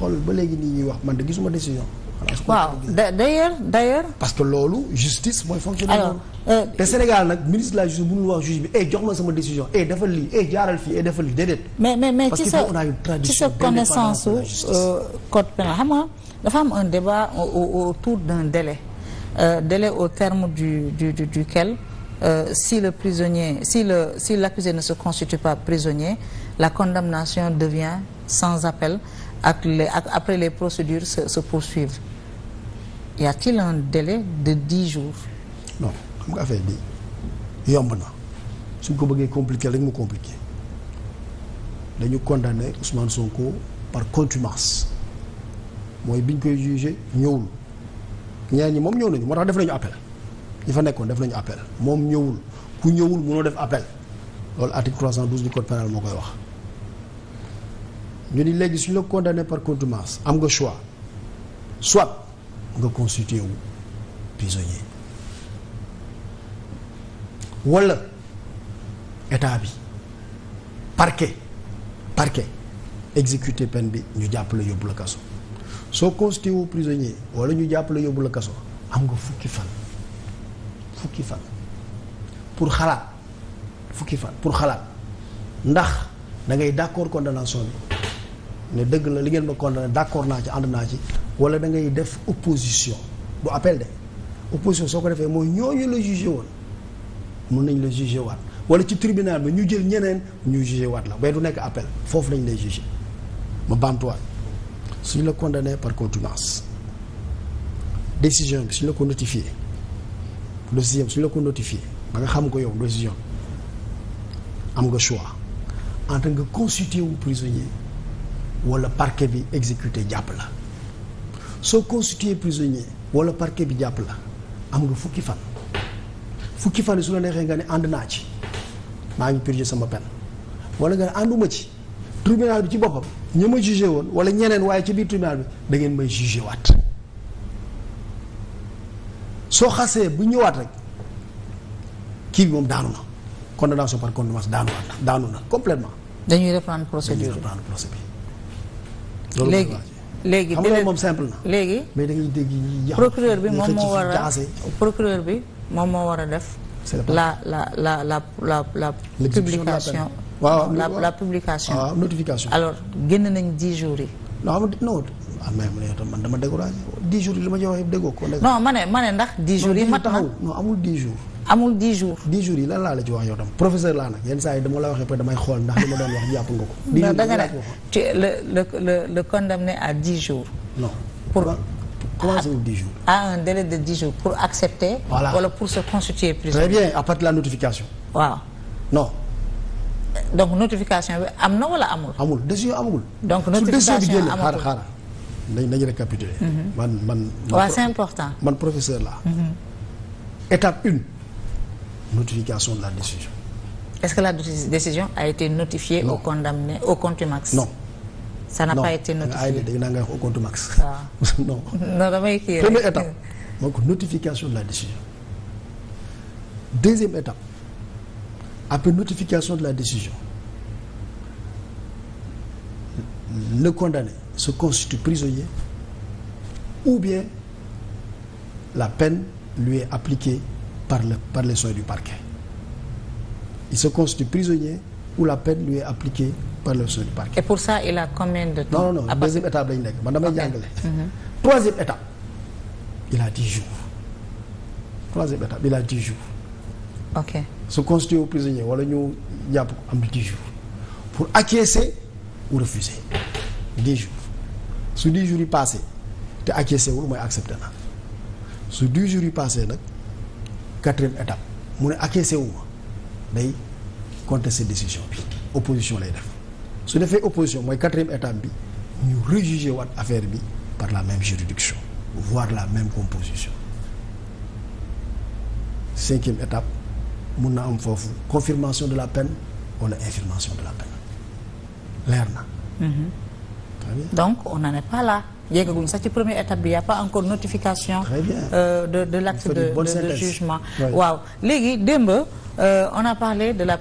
xool ba léegi nii ñuy wax man de gis gisuma décision. waaw d'ailleurs d'ailleurs parce que loolu justice mooy fonctionner noonu euh, te Sénégal nag ministre de la justice mënul wax juge bi eh jox ma sama décision eh defal lii eh jaaral fii eh defal lii déedéet. mais mais mais ci sa ci sa connaissance euh, su code pénal xam nga dafa am un débat autour d'un délai euh, délai au terme du du duquel si le prisonnier si le si l'accusé ne se constitue pas prisonnier la condamnation devient sans appel. ak les ak après les procédures se se poursuivent y a-t-il un délai de dix jours. non xam nga affaire yi yomb na suñ ko bëggee compliqué rek mu compliqué dañu condamné Ousmane Sonko par contumace mooy biñ koy jugé ñëwul ñaar ñi moom ñëw nañu moo tax def nañu appel ñi fa nekkoon def nañu appel moom ñëwul ku ñëwul mënoo def appel loolu article 312 du code pénal moo koy wax. ñu ni léegi suñu la condamné par contumace am nga choix soit nga constitué wu prisonnier wala état bi parquet parquet exécuter peine bi ñu jàpp la yóbbu la kaso soo constitué wu prisonnier wala ñu jàpp la yóbbu la kaso am nga fukki fan fukki fan pour xalaat fukki fan pour xalaat ndax da ngay d'accord condamnation bi ne dëgg la li ngeen ma condamné d'accord naa ci ànd naa ci wala da ngay def opposition du appel de opposition soo ko defee mooy ñooñu la jugé woon mun nañ la jugé waat wala ci tribunal bi ñu jël ñeneen ñu jugé waat la ba du nekk appel foofu lañ lay jugé ma baamtuwaat suñ la condamné par contumace décision bi suñ la ko notifié décision bi suñ la ko notifié ba xam ko yow décision am nga choix en tant que constitué wu prisonnier wala parquet bi exécuté jàpp la soo constitué prisonnier wala parquet bi jàpp la am nga fukki fan fukki fan su la neexee nga ne ànd naa ci maa ngi purgé sama peine wala nga ne ànduma ci tribunal bi ci boppam ña ma jugé woon wala ñeneen waaye ci biir tribunal bi da ngeen may jugé waat soo xasee bu ñëwaat rek kii bi moom daanu na condamnation par contumace daanu na daanu na complètement dañuy reprendre procédure dañuy reprendre procédure léegi léegi xam nga moom simple na. léegi mais da ngay dégg yi procureur bi moom moo war a procureur bi moom moo war a def. la la la la la la publication. waaw ah, la la publication. waaw notification. alors génn nañ dix jours yi. non non ah, man dama découragé dix jours yi li ma jox yëpp ko. non ma ma ndax dix jour yi mat na non amul dix jours. amul 10 jours. 10 jours yi lan laa la ci wax yow tam professeur laa nag yenn saa yi dama la waxee peut damay xool ndax li ma wax jàpp nga ko. 10 jours da nga ne tu le à 10 jours. non pour comment ça 10 jours. à un délai de 10 jours pour accepter. voilà wala pour se constituer prisonnier. très bien à la notification. waaw non. donc notification bi am na wala amul. amul décision amul donc notification amagul su décision bi génne xaaral xaaral nañ nañ récapituler. Mhm. man notification de la décision. Est-ce que la décision a été notifiée non. au condamné, au contumax Non. Ça n'a pas été notifié. Ah, ah. Non, da nga wax au contumax. Non. Non, damay kii Première étape, donc de la décision. Deuxième étape, après notification de la décision, le condamné se constitue prisonnier ou la peine lui est appliquée par le par les soins du parquet il se constitue prisonnier ou la peine lui est appliquée par les soins du parquet. et pour a deuxième étape lañu nekk man damay jàngale. Mhm. troisième étape il a dix jours troisième étape il a dix jours. ok constituer au prisonnier wala ñu jàpp ko am dix jours pour acquiescer ou refuser dix jours su dix jours yi passé te acquiescer wul mooy accepté na su dix jours yi passé nag. quatrième étape mu ne acquiescé wu ma day contester décision bi opposition lay def su defee opposition mooy quatrième étape bi ñu rejugé waat affaire bi par la même juridiction voire la même composition cinquième étape mun na am foofu confirmation de la peine wala infirmation de la peine leer na. Mm-hmm. donc on n'en est pas là. yeggaguñ sax ci première étape bi y' a pas encore notification. Euh, de de l' acte de de, de jugement. waaw léegi démb euh, on a parlé de la.